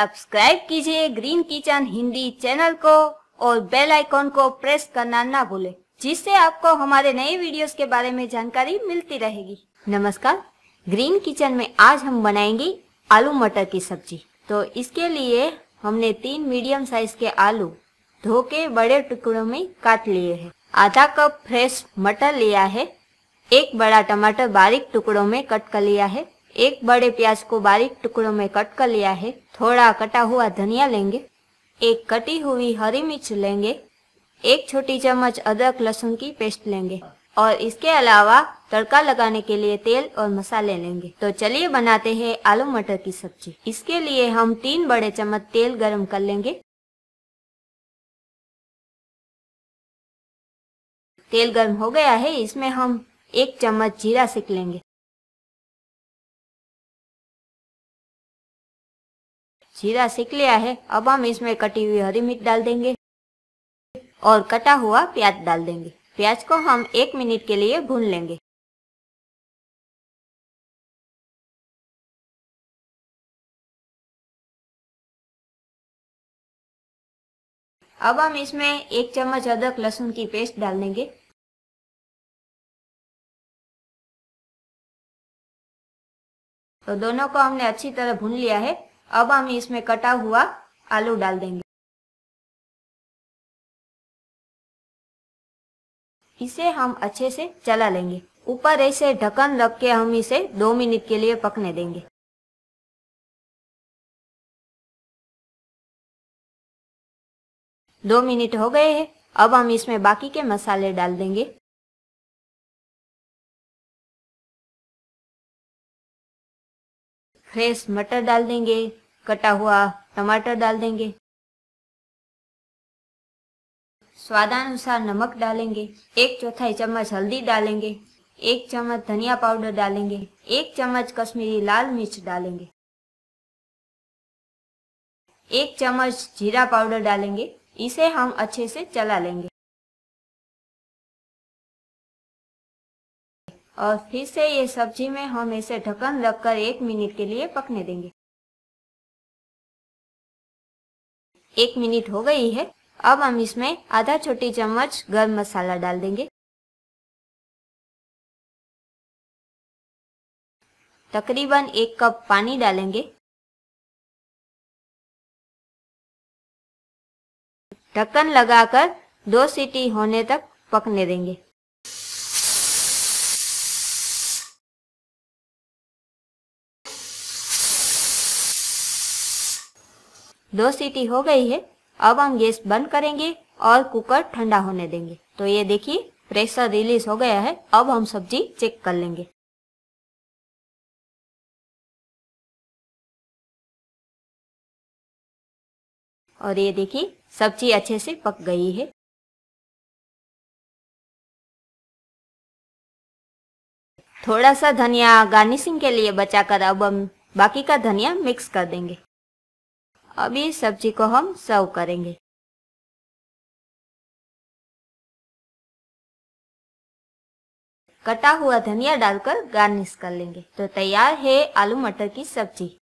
subscribe कीजिए green kitchen Hindi channel को और बेल आइकॉन को प्रेस करना ना भूले जिससे आपको हमारे नए वीडियोस के बारे में जानकारी मिलती रहेगी नमस्कार ग्रीन किचन में आज हम बनाएंगे आलू मटर की सब्जी तो इसके लिए हमने तीन मीडियम साइज के आलू धो के बड़े टुकड़ों में काट लिए हैं आधा कप फ्रेश मटर लिया है एक बड़ा टमाटर बारीक टुकड़ों में कट कर लिया है एक बड़े प्याज को बारीक टुकड़ों में कट कर लिया है थोड़ा कटा हुआ धनिया लेंगे एक कटी हुई हरी मिर्च लेंगे एक छोटी चम्मच अदरक लहसुन की पेस्ट लेंगे और इसके अलावा तड़का लगाने के लिए तेल और मसाले लेंगे तो चलिए बनाते हैं आलू मटर की सब्जी इसके लिए हम तीन बड़े चम्मच तेल गरम कर लेंगे तेल गर्म हो गया है इसमें हम एक चम्मच जीरा सेक लेंगे जीरा सीख लिया है अब हम इसमें कटी हुई हरी मिर्च डाल देंगे और कटा हुआ प्याज डाल देंगे प्याज को हम एक मिनट के लिए भून लेंगे अब हम इसमें एक चम्मच अदरक लहसुन की पेस्ट डाल देंगे तो दोनों को हमने अच्छी तरह भून लिया है अब हम इसमें कटा हुआ आलू डाल देंगे इसे हम अच्छे से चला लेंगे ऊपर ऐसे ढक्कन रख के हम इसे दो मिनट के लिए पकने देंगे दो मिनट हो गए हैं अब हम इसमें बाकी के मसाले डाल देंगे फ्रेश मटर डाल देंगे कटा हुआ टमाटर डाल देंगे स्वादानुसार नमक डालेंगे एक चौथाई चम्मच हल्दी डालेंगे एक चम्मच धनिया पाउडर डालेंगे एक चम्मच कश्मीरी लाल मिर्च डालेंगे एक चम्मच जीरा पाउडर डालेंगे इसे हम अच्छे से चला लेंगे और फिर से ये सब्जी में हम इसे ढक्कन रखकर एक मिनट के लिए पकने देंगे एक मिनट हो गई है अब हम इसमें आधा छोटी चम्मच गर्म मसाला डाल देंगे तकरीबन एक कप पानी डालेंगे ढक्कन लगाकर दो सीटी होने तक पकने देंगे दो सीटी हो गई है अब हम गैस बंद करेंगे और कुकर ठंडा होने देंगे तो ये देखिए प्रेशर रिलीज हो गया है अब हम सब्जी चेक कर लेंगे और ये देखिए सब्जी अच्छे से पक गई है थोड़ा सा धनिया गार्निशिंग के लिए बचाकर अब हम बाकी का धनिया मिक्स कर देंगे अब इस सब्जी को हम सर्व करेंगे कटा हुआ धनिया डालकर गार्निश कर लेंगे तो तैयार है आलू मटर की सब्जी